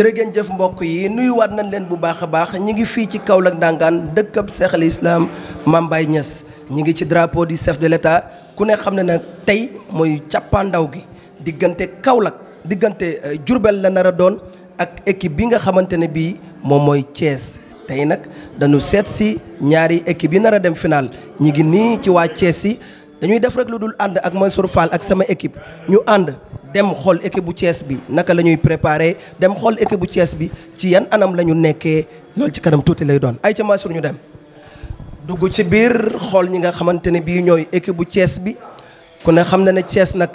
jërë jëf mbokk yi nuyuwaat nañ leen bu baax a baax ñi ngi fii ci Kaolack Ndangaan dëkkab Cheikh al Islam Mame Baye ñi ngi ci drapo du chef de l'État ku ne xam ne nag tey mooy càppaandaw gi diggante Kaolack diggante Jurbel euh, la nar a doon ak équipe bi nga xamante ne bii moom mooy Thiès tey nag dañu seet si ñaari équipe yi nar a dem final ñi ngi nii ci waa Thiès si dañuy def rek lu dul ànd ak Mansour Fall ak sama équipe ñu ànd dem xool équipe bu Thiès bi naka la ñuy préparé dem xool équipe bu Thiès bi ci yan anam la ñu nekkee loolu ci kanam tuuti lay doon ay ca Mansour ñu dem dugg ci biir xool ñi nga xamante ne bii ñooy équipe bu Thiès bi kon ne xam na ne Thiès nag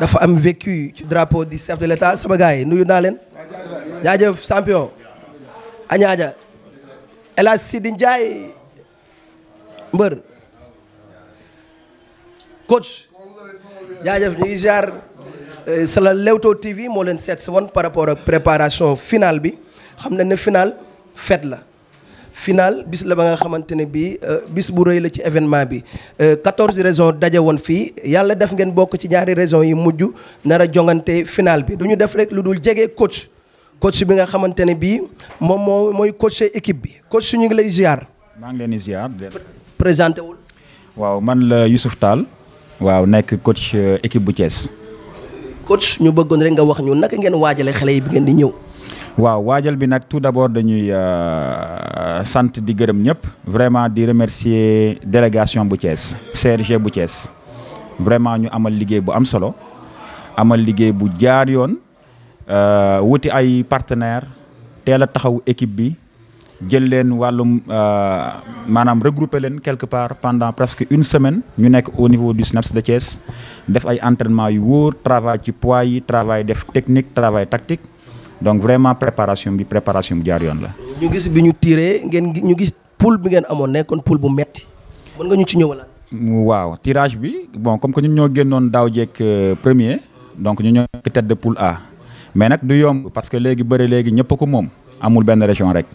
dafa am vécu ci drapeau du chef de l'État sama yi nuyu naa leen jaajëf champion añaaja El Hadj Sidi Ndiaye mbër coach jaajëf ñuy jaar Euh, sa la Leewtoo TV moo leen seet si woon par rapport ak préparation finale bi xam na ne finale fête la finale bis la ba nga xamante ne bii euh, bis bu rëy la ci événement bi 14 euh, raisons daje woon fii yàlla def ngeen bokk ci ñaari raisons yi mujj nar a jongante finale bi du ñu def rek lu dul jege coach coach bi nga xamante ne bii moom moo mooy coacher équipe bi coach su ñu ngi lay giar maa ngi leen présenté wul. waaw man la Youssouf Tall. waaw nekk coach équipe bu Thiès. su ñu bëggoon rek nga wax ñu naka ngeen waajale xale yi bi ngeen di ñëw. waaw waajal bi nag tout d'abord dañuy euh, sant di gërëm ñëpp vraiment di remercier délégation bu Thiès CRG bu Thiès vraiment ñu amal liggéey bu am solo amal liggéey bu jaar yoon euh, wuti ay partenaires teel a taxaw équipe bi. jël leen wàllum euh, maanaam regrouper leen quelque part pendant presque une semaine ñu nekk au niveau du SNEPS de Thiès def ay entraînement yu wóor travail ci poids yi travail def technique travail tactique donc vraiment préparation bi préparation bi jaar yoon la. ñu gis bi ñu tiré ngeen ñu gis poule bi ngeen amoon nekkoon poule bu metti mën nga ñu ci ñëwalaat. waaw tirage bi bon comme que ñu ñoo génnoon daaw jekk euh, premier donc ñu ñoo nekk tête de poule mais nag du yomb parce que léegi bëri léegi ñëpp ko moom amul benn région rek.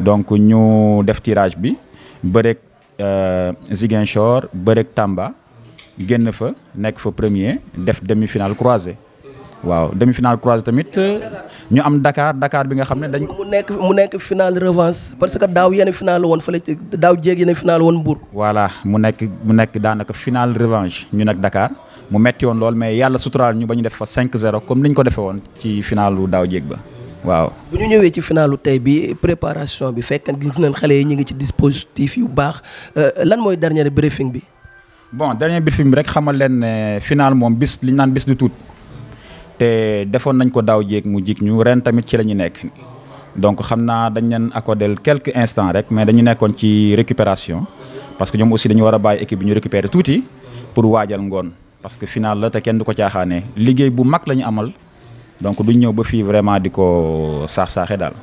donc ñu def tirage bi bërek euh, Ziguinchor bërek Tamba génn fa nekk fa premier def demi-finale croisée waaw demi-finale croisée tamit ñu am Dakar Dakar bi nga xam ne dañ. mu nekk mu nekk finale revanche parce que daaw yenn finale woon fa fële daaw jéeg yenn finaal woon Mbour. voilà mu nekk mu nekk daanaka finale revanche ñu nekk dakaar mu metti woon lool mais yàlla suturaal ñu ba ñu def fa 5-0 comme ni ko defee woon ci finalu daaw jéeg ba. waaw bu ñu ñëwee ci finaalu tey bi préparation bi fekk gis nañ xale yi ñu ngi ci dispositif yu baax euh, lan mooy dernier briefing bi. bon dernier briefing bi rek xamal leen ne final moom bis li ñu naan bis du tuut te defoon nañ ko daaw jéeg mu jik ñu ren tamit ci la ñu nekk donc xam naa dañ leen accordé quelques instant rek mais dañu nekkoon ci récupération parce que ñoom aussi dañu war a bàyyi équipe bi ñu récupérer tuuti pour waajal ngoon parce que final la te kenn du ko caaxaanee liggéey bu mag la ñu amal. donc duñ ñëw ba fii vraiment di ko saax-saaxe daal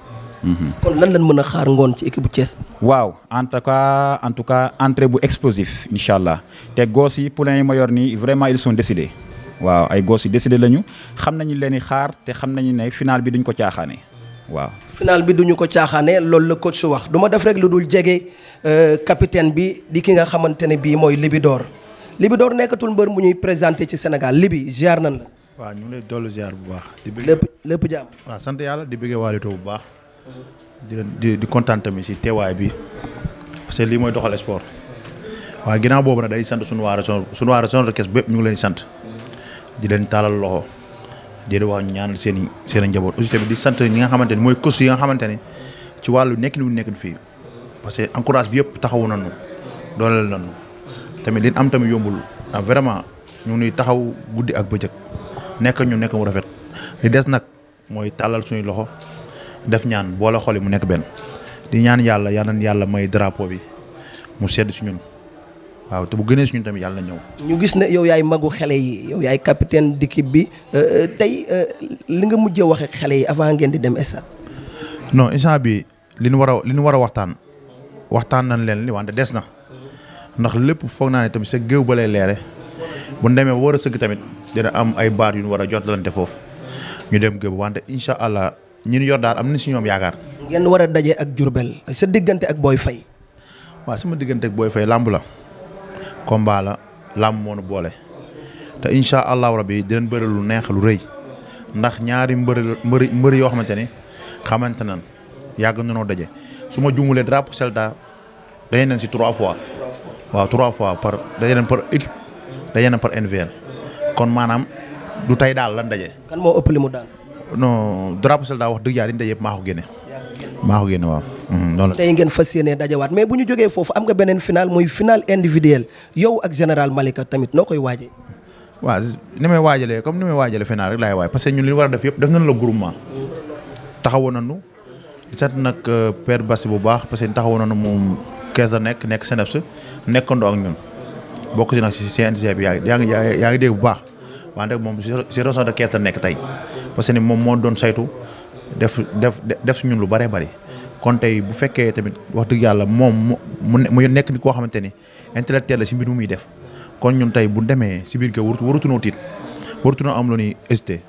mhm. kon lan lañ mën a xaar ngoon ci équipe bu waaw en tout cas en tout cas entrée bu explosif incha allah te goos yi poulain yi ma yor nii vraiment ils sont décidés waaw ay goos yi décidé lañu xam nañu leen i xaar te xam nañu ne final bi duñ ko caaxaane waaw. final bi duñu ko caaxaane loolu la coach su wax du def rek lu dul jege euh, capitaine bi di ki nga xamante ne bii mooy Libidor Libidor nekkatul mbër mu ñuy présenté ci Sénégal Libi ziar nañ la. waaw ñu ngi lay dollu ziar bu baax. di bëgg lépp lépp jàmm. sant yàlla di bëggee waa Leewtoo bu baax. di di di kontaan tamit si teewaay bi. parce lii mooy doxal sport. waa ginnaaw boobu nag day sant suñu waa région suñu waa de ñu ngi leen sant. di leen taalal loxo. di wax ñaan seen i seen njaboot aussi tamit di sant ñi nga xamante ni mooy kës yi nga xamante ni ci wàllu nekkin wu nekkin fii. parce que encourage bi yëpp taxawu nañu. dooleel nañu. tamit li am tamit yombul. ah vraiment ñu ngi taxaw guddi ak bëccëg. nekk ñu nekk mu rafet li des nag mooy tàllal suñuy loxo def ñaan boole xol mu nekk benn di ñaan yàlla yal nañ yàlla may drapeau bi mu sedd si ñun waaw te bu gënee si tamit yàlla ñëw. ñu gis na yow yaay magu xele yi yow yaay capitaine d'équipe bi euh, euh, tey euh, li nga mujje wax xele yi avant ngeen di dem stade. non instant bi li ñu war a li ñu war a waxtaan waxtaan nañ leen li wante des na ndax lépp foog naa ne tamit sa géew ba lay leere bu demee war a sëgg tamit. dina am ay baar yu war a jotlante foofu ñu dem gëm wante incha allah ñun yor daal am na si ñoom yaakaar. ngeen war a daje ak Diourbel sa diggante ak booy fay waaw sama diggante ak Boy Faye làmb la combat la làmb moo boole te incha allahu rabi dinañ bëri lu neex lu rëy ndax ñaari mbëri mbëri yoo xamante ne xamante nan yàgg nañoo daje su ma juumulee drapeau Celta daje nañ si trois fois. waaw trois fois par daje nañ par équipe daje nañ par NVL. kon maanaam du tey daal lan daje. kan moo ëpp li mu daan. non drapeau soldat wax dëgg yàlla dañu daje yëpp maaxu ko génne. maa ko génne waaw. noonu mhm, ngeen fas yéenee dajawaat mais bu ñu jógee foofu am nga beneen final mooy final individuel yow ak général Malika tamit noo koy waaje waaw ni may waajalee comme ni may waajale final rek laay waay parce que ñun li ñu war a def yëpp def nañ la groupement. taxawoon nañu. di sant nag euh, père Bassi bu baax parce que taxawoon nañu na kees la nekk nekk CNEPS nekkandoo ak ñun bokk si nag si CNG bi yaa ngi yaa bu baax. wante moom si raison de kees la nekk tey parce que ni moom moo doon saytu def def def ñun lu bëree bëri. kon tey bu fekkee tamit wax dëgg yàlla moom mu mu nekk ni koo xamante ni intellectuel la si mbir mu muy def kon ñun tey bu demee si biir kër warutunoo tiit warutunoo am lu ñuy hésité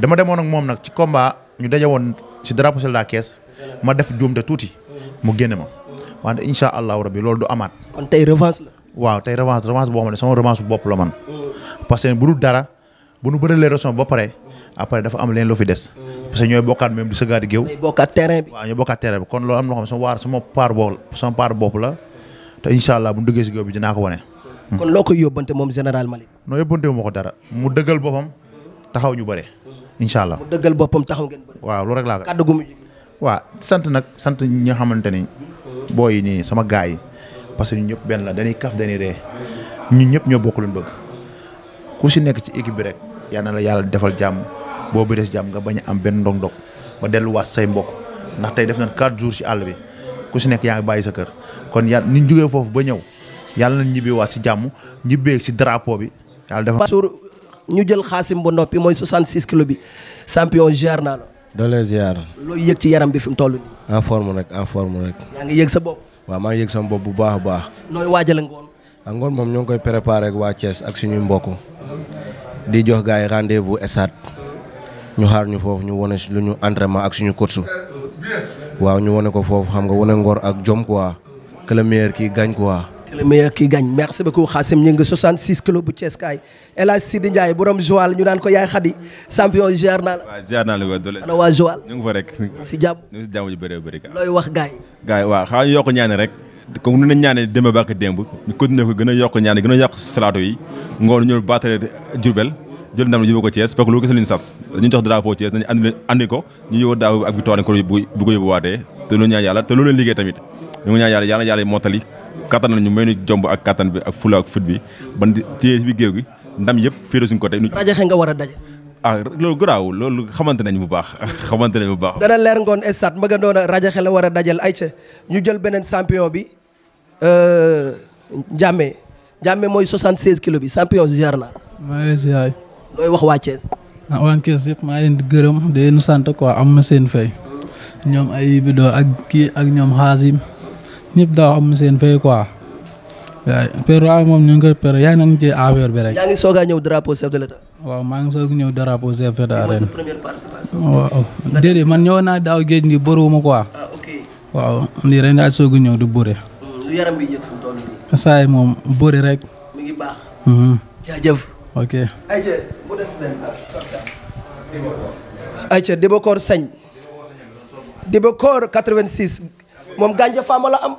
dama demoon ak moom nag ci combat ñu daje woon si drapeau de la kees ma def juumte tuuti mu génne ma wante incha allahu rabi loolu du amaat. kon tey la. waaw tey revanche revanche la man. Mm. parce que bu dul dara bu nu bëralee relation ba pare après dafa am leen loo fi des. parce que ñooy bokkaat même di sëgaati géew. ñooy bokkaat terrain bi waaw ñooy ñu duggee hmm. ma ko dara mu dëggal boppam taxaw ñu bëre. incha allah mu dëggal boppam taxaw ngeen bëre. waaw loolu rek laa koy. kàddu gu mujj. waaw sant nag sant ñi nga xamante ni. booy yi nii sama gars yi parce benn la dañuy kaf dañuy ree ñun ñëpp ñoo bokk luñ bëgg ku si nekk ci équipe bi rek yal na la yàlla defal jàmm boo bërees jàmm nga bañ a am benn ndog-ndog ba delluwaat say mbokk ndax tey def na quatre jours si àll bi ku si nekk yaa ngi bàyyi sa kër kon yàlla ni ñu jógee foofu ba ñëw yàlla nañ ñibbiwaat si jàmm ñibbee si drapeau bi yàlla defal. suur ñu jël xaasim ba noppi mooy 66 kilo bi champion ziar naa la. doole ziar. looy yëg ci yaram bi fi mu toll nii. en forme rek en forme rek. yaa ngi ngi yëg sama bopp a angoon moom ñoo koy préparé waa cees ak suñuy mbokk di jox gars yi rendez-vous esat ñu xaar ñu foofu ñu wane lu ñu entraînement ak suñu coach waaw ñu wane ko foofu xam nga wane ngor ak jom quoi que le meilleur qui gagne quoi. que le meilleur qui gagne merci beaucoup Xaasim kilos bu cees kaay El Hadj Sidi Ndiaye borom Joal ñu naan ko yaay Xadi champion ziar naa la. waaw si jàmm ñu ngi looy wax gars yi. gars yokk ñaan rek. comme nu nañ ñaanee démb ba ak démb ñu continuer ko gën a yokk ñaan gën a yokk salaatu yi ngoon ñu baatale Jurbel jël ndam yóbbu ko Thiès parce que loolu gis nañu sas dañu jox drapeau ñu yóbbu daaw ak victoire te loolu ñaan yàlla te loolu leen liggéey tamit ñu ngi ñaan yàlla yàlla yàlla mottali kattan nañu may nu kattan bi ak fula ak fut bi ban bi géew gi ndam yëpp féeré suñu côté rajaxe war a daje ah loolu garaawul loolu xamante nañ bu baax xamante nañ bu baax dana leer ngoon stade mbagandoon a rajaxe la war a dajal ay ñu jël beneen champion bi Ndiame euh, Ndiame mooy 76 kilos bi champion ziar la. maa ngi ziar. looy wax waa Thiès. Ah, maa leen di gërëm di leen sant quoi am na seen fay. ñoom ay bidoo ak kii ak ñoom xaasim ñëpp daaw am na seen fay quoi. waaye Père moom ñu ngi koy Père yaa ngi nañu ci affaire bi rek. yaa ngi soog a ñëw drapeau chef de l'État. waaw maa ñëw man ñëwoon naa daaw géej gi bëriwuma quoi. Ah, waaw ndi ren daa soog ñëw di bëre. lu yaram saa yi moom bëri rek. mi ngi baax. Mhm. jaajëf. ok. ayca mu des benn ayca Dibakor Sañ. Dibakor 86. moom gànja faama la am.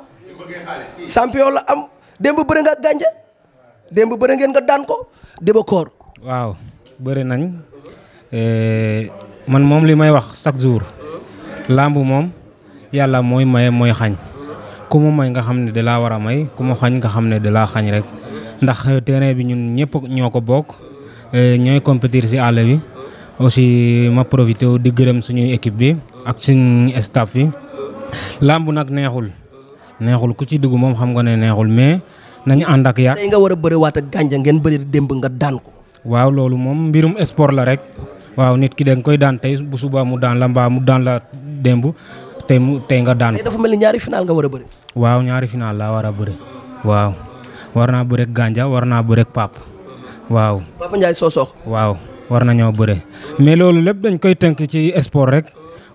champion la am. démb bëri nga gànja. démb bëri ngeen nga daan ko. Dibakor. waaw bëri nañ. Eh, man moom li may wax chaque jour. làmb moom yàlla mooy maye mooy xañ. ku mu may nga xam ne da laa war a may ku mu xañ nga xam ne da laa xañ rek ndax euh, terrain bi ñun ñëpp ñoo ko bokk euh, ñooy compétir si àll bi aussi ma profité di gërëm suñu équipe bi ak suñu staff bi làmb nag neexul neexul ku ci dugg moom xam nga ne neexul mais nañ ànd ak yàq. tey nga war a bëriwaat ak gànja démb nga daan ko. waaw loolu moom mbirum sport la rek waaw nit ki da koy daan tey bu subaa mu daan la mbaa mu daan la démb tey nga daan ko. waaw ñaari final laa war a bëre waaw war naa bëre ak Gandia war naa bëre ak Pape waaw. waaw war nañoo bëre mais loolu lépp dañ koy tënk ci sport rek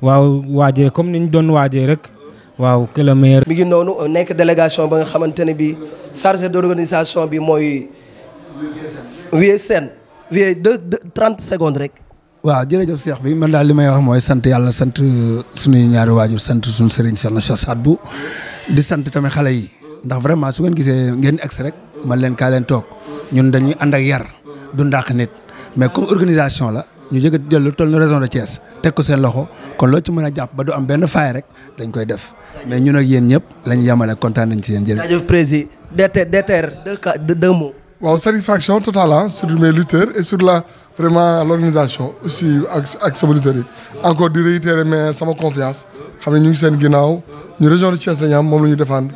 waaw waajee comme ni ñu doon waajee rek waaw que le meilleur. mi ngi noonu nekk délégation ba nga xamante ne bii chargé d'organisation bi mooy. Vieux Sène Vieux trente secondes rek. waaw jërëjëf Cheikh bi man daal li may wax mooy sant yàlla sant suñuy ñaari waajur sant suñu sëriñ Cheikh na saat bu di sant tamit xale yi ndax vraiment su ngeen gisee ngeen egsi rek man leen kaa leen toog ñun dañuy ànd ak yar du ndax nit mais comme organisation la ñu jege jël lu toll na région de Thiès teg ko seen loxo kon loo ci mën a jàpp ba du am benn faay rek dañ koy def mais ñun ak yéen ñëpp lañu yemale kontaan nañ ci yéen jërëjëf. jaajëf président DTR DTR deux cas deux mots. waaw satisfaction totale sur mes lutteurs et sur la vraiment l' organisation aussi ak ak sama lutteurs yi encore di sama confiance. xam ne ñu ngi seen ginnaaw ñu région de Thiès la ñu am moom la ñu défendre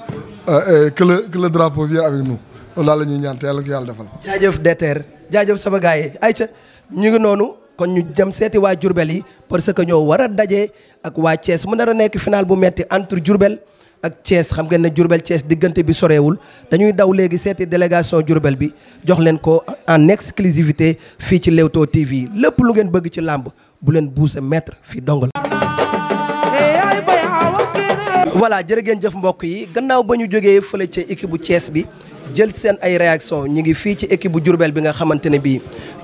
euh, euh, que le que le drapeau vienne avec nous loolu daal la ñuy ñaan te yàlla ko yàlla defal. jaajëf DTR jaajëf sama ay ca ñu ngi noonu kon ñu jëm seeti waa Diourbel yi parce que ñëw war a daje ak waa Thiès mu nar a nekk final bu metti entre Diourbel ak Thiès xam ngeen ne Diourbel Thiès diggante bi soreewul dañuy daw léegi seeti délégation Diourbel bi jox leen ko en exclusivité fii ci Leewtoo TV lépp lu ngeen bëgg ci làmb bu leen buuse mètre fii dong voilà jërë ngeen jëf mbokk yi gannaaw ba ñu jógee fële ca équipe bu Thiès bi jël seen ay réaction ñu ngi fii ci équipe bu Diourbel bi nga xamante ne bii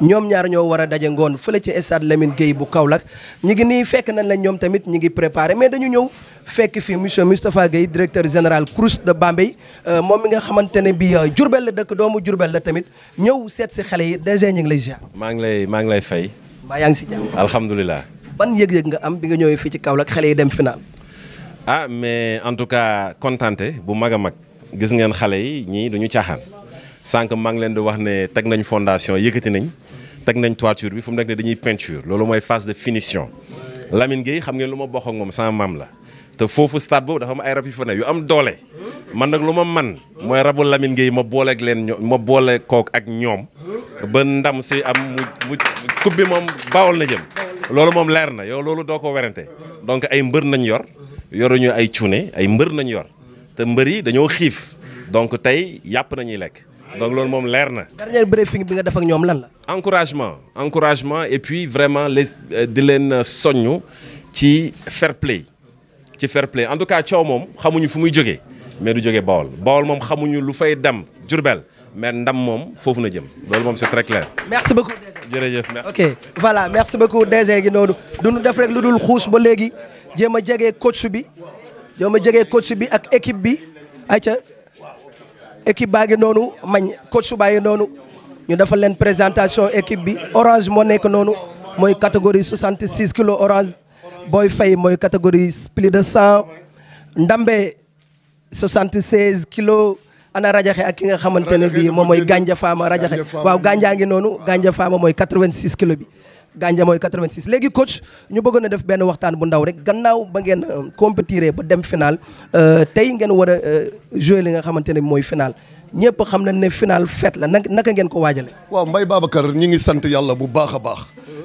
ñoom ñaar ñoo war a daje ngoon fële ci stade Lamine Gueye bu Kaolack ñi ngi nii fekk nañ la ñoom tamit ñu ngi préparé mais dañu ñëw fekk fii monsieur Moustapha Gueye directeur général CROUS de Bambey euh, moom mi nga xamante ne bii euh, Diourbel la dëkk doomu Diourbel la tamit ñëw seet si xale yi déjà ñu ngi lay maa ngi lay maa ngi lay fay. mbaa yaa ngi si jàmm. alhamdulilah. ban yëg-yëg nga am bi nga ñëwee fii ci Kaolack xale yi dem final ah mais en tout cas kontante bu mag a mag gis ngeen xale yi ñii duñu caaxaan sànq maa leen di wax ne teg nañ fondation yëkkati nañ teg nañ toiture bi fu mu nekk dañuy peinture loolu mooy phase de finition Lamine Gueye xam ngeen lu ma bokk moom sama maam la. te foofu stade boobu dafa am ay rab yu fa ne yu am doole man nag lu ma man mooy rabu Lamine Gueye ma booleek leen ñoom ma boole kook ak ñoom ba ndam si am mu coupe bi moom bawol na jëm loolu moom leer na yow loolu doo ko werante donc ay mbër nañ yor. yoruñu ay cuune ay mbër nañu yor te mbër yi dañoo xiif donc tey yàpp nañuy lekk donc loolu moom leer na. dernier briefing bi nga def ak ñoom lan la. encouragement encouragement et puis vraiment les euh, di leen soññu ci fair play ci fair en tout cas coow moom xamuñu fu muy jóge mais du jógee Bawol Bawol moom xamuñu lu fay dem Jurbel mais ndam moom foofu na jëm loolu moom c'est très clair. merci beaucoup DG. jërëjëf merci. ok voilà merci beaucoup DG gi noonu du ñu def rek lu dul xuus ba léegi. jéem a jege coach bi jéem a jege coach bi ak équipe bi ayca équipe baa ngi noonu mañ coach baa noonu ñu dafa leen présentation équipe bi orange moo nekk noonu mooy catégorie 66 kilos orange booy fay mooy catégorie plus de cent ndambe 76 kilo ana rajaxe ak ki nga xamante ne bii moom mooy ganja faama rajaxe waaw ganjaa ngi noonu ganja faama mooy 86 kilos bi gànja mooy 86 léegi coach ñu bëggoon a def benn waxtaan bu ndaw rek gannaaw ba ngeen euh, compétiré ba dem final euh, tey ngeen war a euh, jouer li nga xamante ne mooy final ñëpp xam na ne final fête la naka naka ngeen ko waajale waaw Mbaye Babacar ñi ngi sant yàlla bu baax a baax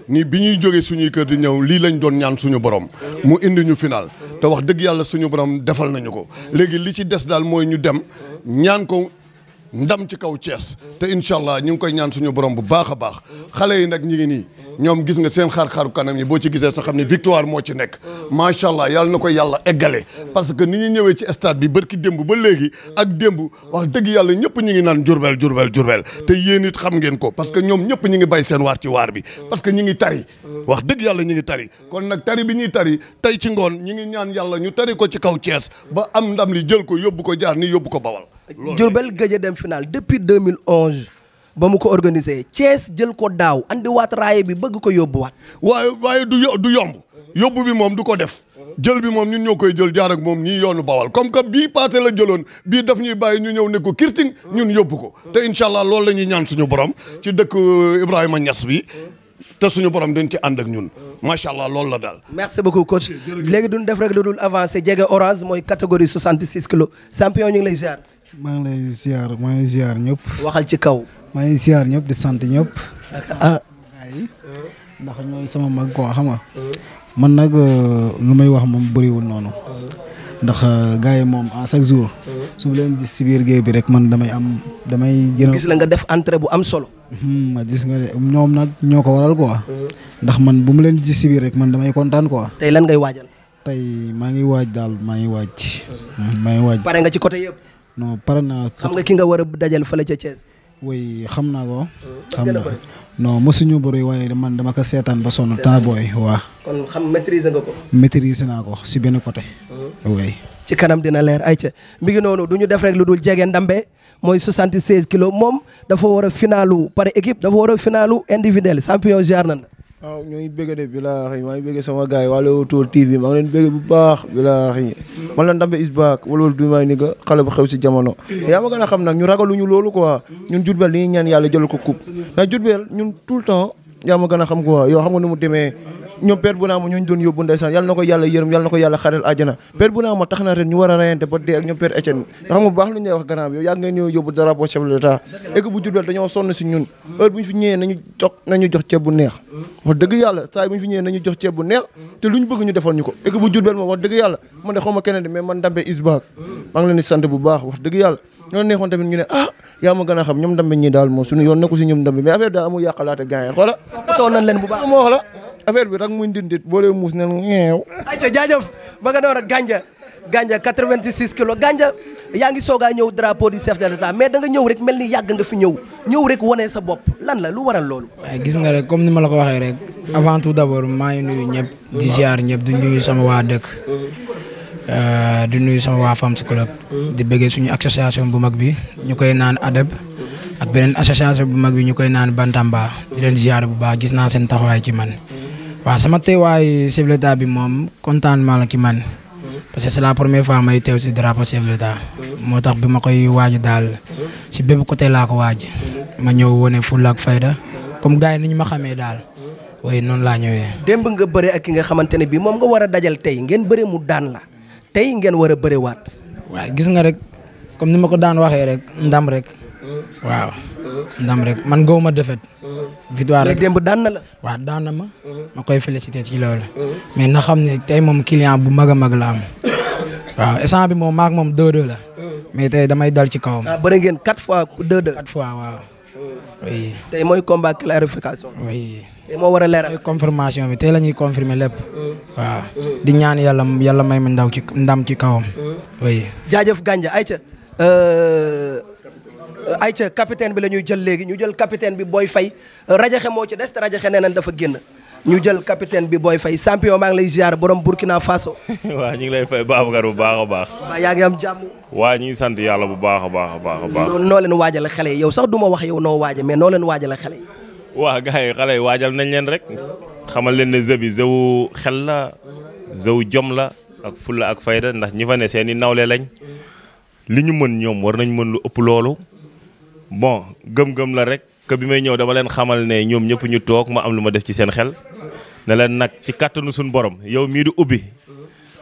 ni bi ñuy jógee suñuy kër di ñëw lii lañ doon ñaan suñu borom mu indi ñu final te wax dëgg yàlla suñu borom defal nañu ko léegi li ci des daal mooy ñu dem ñaan ko ndam ci kaw Thiès te incha allah ñu ngi koy ñaan suñu borom bu baax a baax xale yi nag ñu ngi nii ñoom gis nga seen xar kanam yi boo ci gisee sa xam ne victoire moo ci nekk macha allah yàlla na ko yàlla eggale parce que ni ñu ñëwee ci stade bi barki démb ba léegi ak démb wax dëgg yàlla ñëpp ñu ngi naan jurbel jurbel jurbel te yéen it xam ngeen ko parce que ñoom ñëpp ñu ngi bay seen waar ci waar bi parce que ñu ngi tari wax dëgg yàlla ñu ngi tari kon nag tari bi ñuy tari tey ci ngoon ñu ngi ñaan yàlla ñu tari ko ci kaw Thiès ba am ndam li jël ko yóbbu ko jaar ni yóbbu ko bawal Diourbel gëj a dem final depuis onze ba mu ko organisé Thiès jël ko daaw andiwaat raaye bi bëgg ko yóbbuwaat. waaye waaye du yo du yomb yóbbu bi moom du ko def. jël bi moom ñun ñoo koy jël jaar ak moom ñii yoonu bawal comme que bii passé la jëloon bii daf ñuy bàyyi ñu ñëw ne ko kirting ñun yóbbu ko. te incha allah loolu la ñuy ñaan suñu borom. ci dëkk euh, Ibrahima Niass bi. te suñu borom dañ ci ànd ak ñun. macha allah loolu la daal. merci beaucoup coach léegi duñ def rek lu dul avancé jege orange mooy catégorie 66 kilos champion ñu ngi lay ziar. maa ngi lay ziar maa ngi ñëpp. waxal ci kaw. maa ngi ziar ñëpp di sant ñëpp. ah ndax ñooy sama mag koo xam man nag euh, lu may wax moom bëriwul noonu. ndax euh, gars yi moom à chaque jour. su bu leen gis si biir géej bi rek man damay am damay. gën a gis la nga def entrée bu am solo. Hmm, gis nga ñoom nag ñoo ko waral quoi. ndax man bu mu leen gis si biir rek man damay kontaan quoi. tey lan ngay waajal. tey maa ngi waaj daal maa ngi waaj. Hmm, maa ngi waaj pare nga ci côté yëpp. non pare naa. xam nga ki nga war a dajal fële ca Thiès. oui xam naa ko. Hmm. xam naa non mosuñu bëri waaye man dama ko seetaan ba sonn temps booy waa. kon xam maîtriser nga ko. maîtriser naa ko si benn côté. Hmm. oui. ci kanam dina leer ay ca mi ngi noonu du ñu def rek lu dul jege ndambe mooy 76 kilos moom dafa war a finalu par équipe dafa war finaalu finalu individuel champion jaar nañ waaw ñoo ngi bëgg de bilaahi maa ngi bëgg sama gars yi waa wal TV maa ngi leen bëgg bu baax bilaahi man la ndambe is baak wala du may ni nga xale bu xew si jamono yaa ma gën a xam nag ñu ragaluñu loolu quoi ñun Jurbel li ñaan yàlla jël ko coupe ndax Jurbel ñun tout le temps yaa ma gën a xam quoi yow xam nga nu mu demee ñoom père bu naa ma ñooñu doon yóbbu ndeysaan yàlla na ko yàlla yërëm yàlla na ko yàlla xaral àjjana père bu naa ma tax na ren ñu war a rayante ba dee ak ñoom père Etienne bi ñu ne ah yaa ma a xam ñoom daal moom suñu yoon nekku si ñoom Ndambe mais affaire daal amul yàqalaate gars xoola affaire bi rek muy ndindit boo dee muus ne ñeew. ayca jaajëf ba nga door ak ganja ganja 86 kilos ganja yaa ngi soog a ñëw drapeau du chef de l'État mais da nga ñëw rek mel ni yàgg nga fi ñëw ñëw rek wane sa bopp lan la lu waral loolu. waaye gis nga rek comme ni ma la ko waxee rek avant tout d'abord maa ngi nuyu ñëpp di ziar ñëpp di nuyu sama waa dëkk. Euh, di nuyu sama waa Fams Club. di bëggee suñu association bu mag bi ñu koy naan ADEB. ak beneen association bu mag bi ñu koy naan Bantamba. di leen ziar bu baax gis naa seen taxawaay ci man. waaw sama teewaay chef de l'État bi moom contentement la ki man parce que c'est la première fois may teew si drapeau chef de l'État moo tax bi ma koy waaj daal si bépp côté laa ko waaj ma ñëw wone fulla ak fayda comme gars yi ni ñu ma xamee daal waaye noonu laa ñëwee. démb nga bëre ak ki nga xamante ne bii moom nga war a dajal tey ngeen bëre mu daan la tey ngeen war a bëre waat. gis nga rek comme ni ma ko daan waxee rek ndam rek. waaw. ndam rek man góob ma defet. victoire rek démb la. waaw daan na ma. ma koy félicité ci loolu. mais na xam ne tey moom client bu mag mag la am. waaw instant bi moom maak moom 2 la. mais tey damay dal ci kawam. ah bëri ngeen fois 2 fois waaw. oui. mooy combat clarification. oui. war a leeral. confirmation bi tey la ñuy lépp. waaw di ñaan yàlla yàlla may ma ndaw ci ndam ci kawam. oui. jaajëf ay ayca capitaine bi la ñuy jël léegi ñu jël capitaine bi Boy Faye rajaxe moo ci des te rajaxe nee nañ dafa génn ñu jël capitaine bi booy fay champion maa ngi lay ziar borom Burkina Faso. waaw ñu ngi lay fay Babacar bu baax baax. waa yaa ngi am jàmm. waa ñu sant yàlla bu baax a baax a baax a baax. noo leen waajal xale yi yow sax du ma wax yow noo waaje mais nooleen leen waajal xale yi. waa gars yi xale yi waajal nañ leen rek. xamal leen ne jeu bi jeu xel la jeu jom la ak fulla ak fayda ndax ñi fa seen i nawle lañ li ñu mën ñoom war nañ mën lu ëpp loolu bon gëm-gëm la rek que bi may ñëw dama leen xamal ne ñoom ñëpp ñu toog ma am lu ma def ci seen xel ne leen nag ci kàttanu suñu borom yow mii di ubbi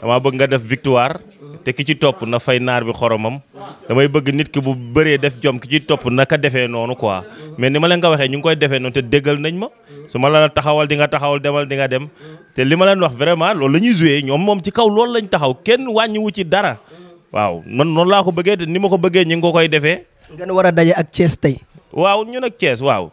damaa bëgg nga def victoire te ki ci topp na fay naar bi xoromam damay bëgg nit ki bu bëree def jom ki topp naka defee noonu quoi mais ni ma leen nga waxee ñu ngi koy defee noonu te déggal nañ ma su ma la taxawal di nga taxawal demal dinga dem te li ma leen wax vraiment loolu la ñuy joué ñoom moom ci kaw loolu lañ taxaw kenn wàññiwu ci dara waaw man noonu laa ko bëggee ni ma ko bëggee ñu ngi ko koy defee ngeen war a daje ak Thiès tey. waaw ñun ak Thiès waaw.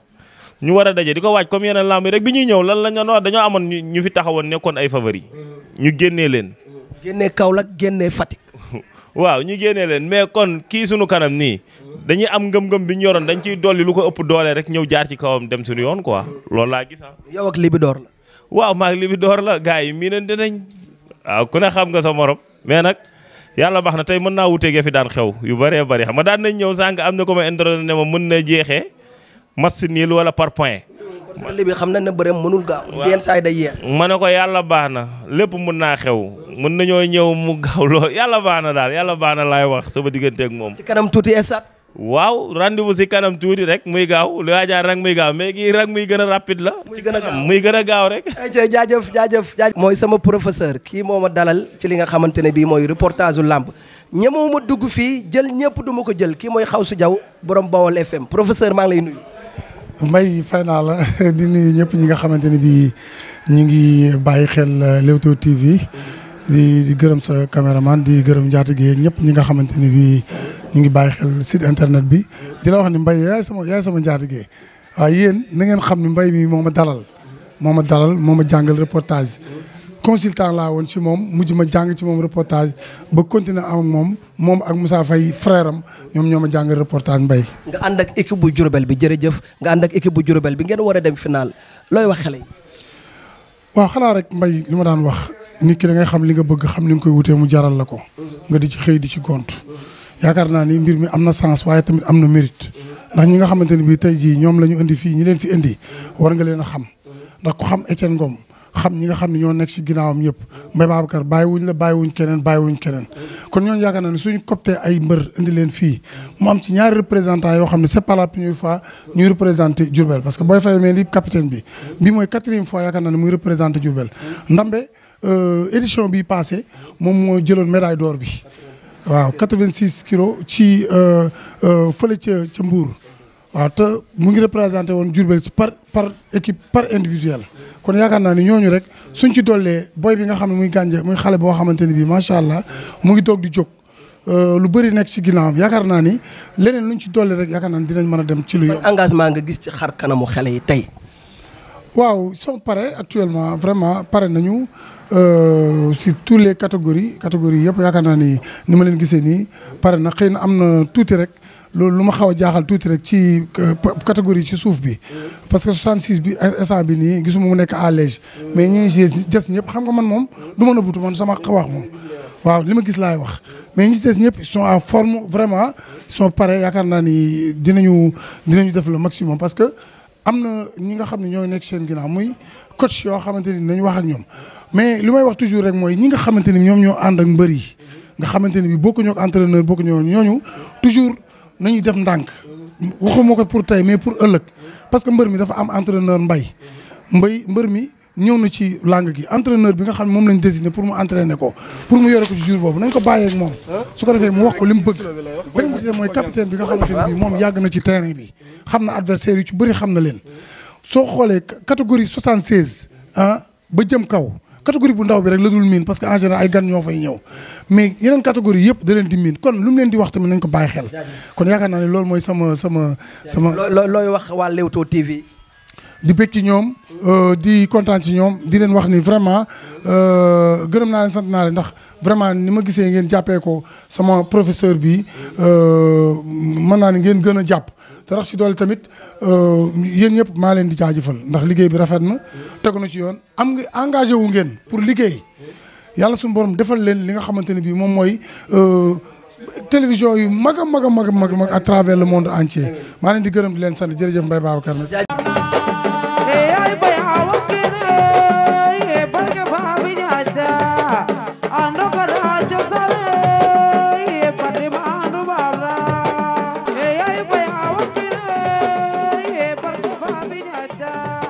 ñu war a daje di ko waaj comme yeneen lamb yi rek bi ñuy ñëw lan la ñu wax dañoo amoon ñu fi taxawoon nekkoon ay favori mm-hmm. ñu génnee leen. Mm-hmm. génnee Kaolack génnee Fatick. waaw ñu génnee leen mais kon kii sunu kanam nii. Mm-hmm. dañuy am ngëm-ngëm bi ñu yoroon dañ ciy dolli lu ko ëpp doole rek ñëw jaar ci kawam dem suñu yoon quoi loolu laa gis ah. yow ak Libidoor la. waaw maa Libidoor la gars yi miinante nañ. waaw ku ne xam nga sa morom mais nag. yàlla baax na tey mën naa wuteeg ya fi daan xew yu bare bëri xam daan nañ ñëw sànq am na ko ma introduire ne ma mën na jeexee match niil wala par point. li bi xam na ne bëre mënul gaaw. yenn saa yi day yéex. ma ne ko yàlla baax na lépp mën naa xew mën nañoo ñëw mu gaaw lool yàlla baax na daal yàlla baax na laay wax sama digganteeg moom. kanam tuuti esat waaw rendez-vous si kanam tuuti rek muy gaaw lu yaajaa rang muy gaaw mais gi rang muy gën a rapide la ci gën a gaaw muy gën a gaaw rek ayca jaajëf jaajëf mooy sama professeur kii moo ma dalal ci li nga xamante ne bii mooy reportage u làmb ñemoo ma dugg fii jël ñëpp duma ko jël kii mooy xaw si Jaw borom Bawol FM professeur maa lay nuyu mbay fay naa la di nuyu ñëpp ñi nga xamante ne bii ñu ngi bàyyi xel Leewtoo TV di di gërëm sa caméraman di gërëm njaatige yeeg ñëpp ñi nga xamante ni bii ñu ngi bàyyi xel site internet bi dina wax ni mbay yaay sama yaay sama njaatige waaye yéen na ngeen xam ni mbay mi moom ma dalal moom ma dalal moom ma jàngal reportage consultant laa woon ci moom mujj ma jàng ci moom reportage ba continuer am moom moom ak Moussa Faye frère am ñoom ñoo ma jàng reportage mbay nga ànd ak équipe bu Diourbel bi jërëjëf nga ànd ak équipe bu Diourbel bi ngeen war a dem final looy wax xale yi. nit ki da ngay xam li nga bëgg xam ni nga koy wutee mu jaral la ko nga di ci xëy di ci gont yaakaar naa ni mbir mi am na sens waaye tamit am na mérite ndax ñi nga xamante ne bii tey jii ñoom la ñu indi fii ñi leen fi indi war nga leen a xam ndax ku xam Etienne Ngom xam ñi nga xam ne ñoo nekk si ginnaawam yëpp ba Mbaye Babacar bàyyiwuñ la bàyyiwuñ keneen wuñ keneen kon ñooñu yaakaar naa ne suñu coptee ay mbër indi leen fii mu am ci ñaari représentant yoo xam ne c'est pas la première fois ñuy représenté parce que booy fay mel ni capitaine bi bi mooy quatrième fois yaakaar naa ne muy Euh, édition bi passé moom moo jëloon médaille door bi waaw 86 kilo ci euh, euh, fële ci ca Mbour waaw te mu ngi représenté woon Diourbel si par par équipe par individuel kon yaakaar naa ni ñooñu rek suñ ci dollee boy bi nga xam ne muy gànje muy xale boo xamante ni bii macha allah mu ngi toog di jog lu bëri nekk ci ginnaawam yaakaar naa ni leneen luñ ci dolli rek yaakaar naa ni dinañ mën a dem ci lu engagement nga gis ci xar kanamu xale yi tey. waaw soo pare actuellement vraiment pare nañu. Euh, si tous les catégories catégories yëpp yaakaar naa ni ni ma leen gisee nii pare na xëy na am na tuuti rek loolu lu ma xaw a jaaxal tuuti rek ci euh, catégorie ci suuf bi parce que 66 bi instant bi nii gisuma mu nekk à l'aise mais ñi j des ñëpp xam nga man moom du mën a butu man sama wax moom waaw li ma gis laay wax mais ñi ci des ñëpp forme vraiment ils sont parés yaakaar naa ni dinañu dinañu def le maximum parce que am na ñi nga xam ne ñooy nekk seen ginnaaw muy coach yoo xamante ni nañ wax ak ñoom mais li may wax toujours rek mooy ñi nga xamante ni ñoom ñoo ànd ak mbër yi nga xamante ni bi bokkuñoo ak entraîneur bokkuñoo ñooñu toujours nañuy def ndànk waxuma ko pour tey mais pour ëllëg parce que mbër mi dafa am entreneur mbay mbay mbër mi ñëw na ci langue gi entraîneur bi nga xam ne moom lañ désigné pour mu entraîner ko pour mu yore ko ci jour boobu nañ ko bàyyeek moom su ko defee mu wax ko li bëgg beneen mooy capitaine bi nga xamante ne bi moom yàgg na ci terrain bi xam na adversaire yu ci bëri xam na leen soo xoolee catégorie 76 ah ba jëm kaw catégorie bu ndaw bi rek la dul miin parce que en général ay gan ñoo fay ñëw mais yeneen catégorie yëpp da leen di miin kon lu mu leen di wax tamit nañ ko bàyyi xel kon yaakaar naa ne loolu mooy sama sama sama looy wax waa Leewtoo TV di bëgg ci ñoom euh, di kontaan ci ñoom di leen wax ni vraiment euh, gërëm naa leen sant naa leen ndax vraiment ni ma gisee ngeen jàppee ko sama professeur bi euh, mën naa ne ngeen gën a jàpp te si doole tamit euh, yéen ñëpp maa leen di jaajëfal ndax liggéey bi rafet na tegu na ci yoon am nga engagé wu ngeen pour liggéey yàlla suñu borom defal leen li nga xamante ne bii moom mooy euh, télévision yu mag a mag a mag a mag à travers le monde entier maa leen di gërëm di leen sant jërëjëf Mbaye Babacar